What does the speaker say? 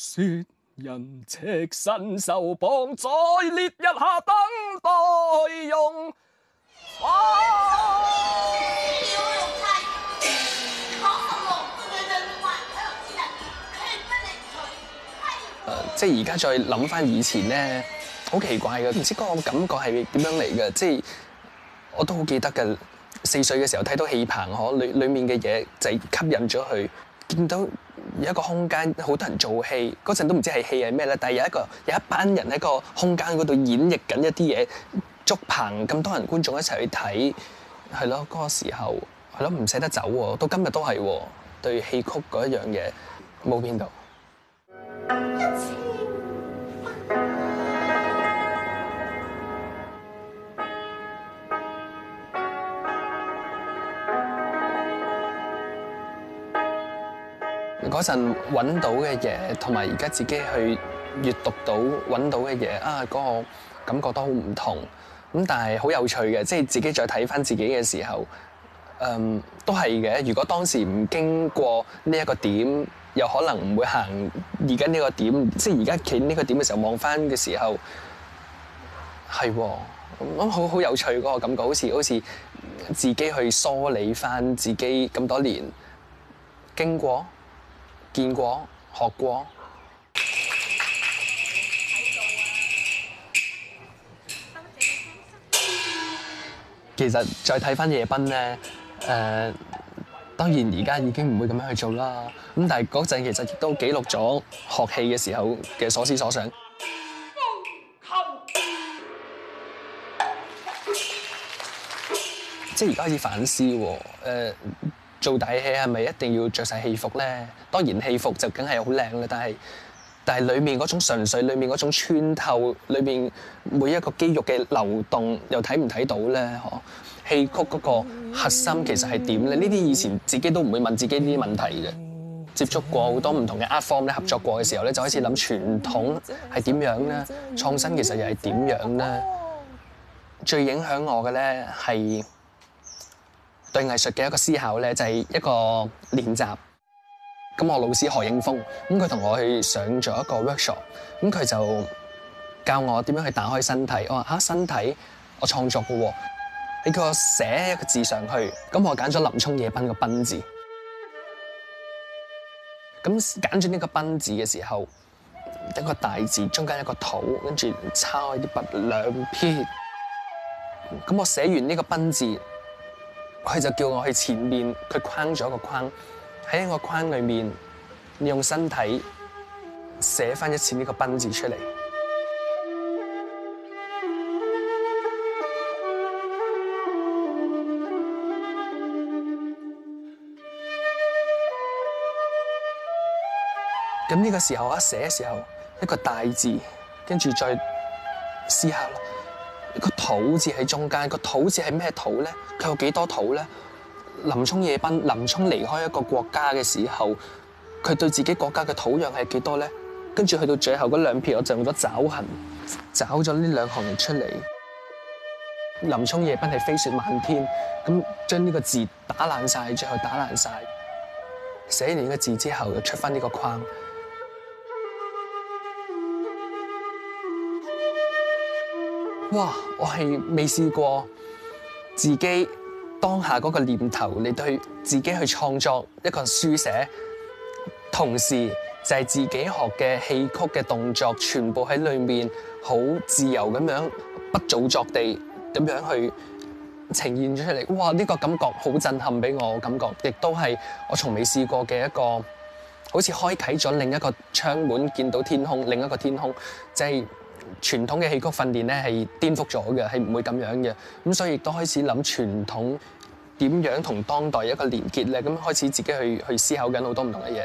雪人赤身受綁，在烈日下等待用火。啊呃，即係而家再諗翻以前咧，好奇怪嘅，唔知個感覺係點樣嚟嘅。即係我都好記得嘅，四歲嘅時候睇到戲棚，可裡裡面嘅嘢就係吸引咗佢，見到。有一個空間，好多人做戲，嗰陣都唔知係戲係咩啦。但係有一個，有一班人喺個空間嗰度演繹緊一啲嘢，竹棚咁多人觀眾一齊去睇，係咯，嗰、嗰個時候係咯，唔捨得走喎，到今日都係，對戲曲嗰一樣嘢冇變到。 嗰陣揾到嘅嘢，同埋而家自己去閱讀到揾到嘅嘢啊，嗰個感覺都好唔同咁，但係好有趣嘅。即係自己再睇翻自己嘅時候，嗯，都係嘅。如果當時唔經過呢一個點，又可能唔會行而家呢個點。即係而家企呢個點嘅時候，望翻嘅時候係咁，好好有趣嗰個感覺，好似好似自己去梳理翻自己咁多年經過。見過，學過。其實再睇返夜奔咧，誒，當然而家已經唔會咁樣去做啦。咁但係嗰陣其實亦都記錄咗學戲嘅時候嘅所思所想，即係而家開始反思喎，誒。到底戲係咪一定要著曬戲服咧？當然戲服就梗係好靚啦，但係但係裏面嗰種純粹、裏面嗰種穿透、裏面每一個肌肉嘅流動，又睇唔睇到咧？嗬，戲曲嗰個核心其實係點咧？呢啲以前自己都唔會問自己呢啲問題嘅。接觸過好多唔同嘅 art form 咧，合作過嘅時候咧，就開始諗傳統係點樣咧，創新其實又係點樣咧。最影響我嘅咧係，對藝術嘅一個思考呢，就係、是、一個練習。咁我老師何應豐，咁佢同我去上咗一個 workshop，咁佢就教我點樣去打開身體。我話嚇、啊、身體，我創作嘅喎、哦，喺個寫一個字上去。咁我揀咗林沖夜奔個奔字。咁揀咗呢個奔字嘅時候，一個大字，中間一個土，跟住叉開啲筆兩撇。咁我寫完呢個奔字。佢就叫我去前面，佢框咗個框，喺個框裏面，用身體寫返一次呢個奔字出嚟。咁呢個時候我一寫嘅時候，一個大字，跟住再思考。個土字喺中間，個土字係咩土咧？佢有幾多土咧？林沖夜奔，林沖離開一個國家嘅時候，佢對自己國家嘅土壤係幾多咧？跟住去到最後嗰兩撇，我就用咗爪痕，爪咗呢兩行人出嚟。林沖夜奔係飛雪漫天，咁將呢個字打爛晒，最後打爛晒，寫完呢個字之後，又出翻呢個框。哇！我係未試過自己當下嗰個念頭，你對自己去創作一個書寫，同時就係自己學嘅戲曲嘅動作，全部喺裏面好自由咁樣不造作地咁樣去呈現咗出嚟。哇！呢個感覺好震撼，俾我感覺，亦都係我從未試過嘅一個，好似開啟咗另一個窗門，見到天空，另一個天空，就係。傳統嘅戲曲訓練咧係顛覆咗嘅，係唔會咁樣嘅，咁所以亦都開始諗傳統點樣同當代一個連結咧，咁開始自己去去思考緊好多唔同嘅嘢。